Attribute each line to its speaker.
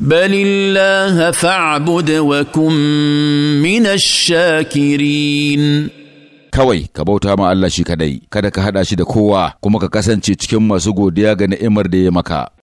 Speaker 1: بل
Speaker 2: الله فاعبد وكن من
Speaker 1: الشاكرين kawai ka bauta ma Allah shi kadai kada ka hada shi da kowa kuma ka kasance cikin masu godiya ga ni'imar da ya maka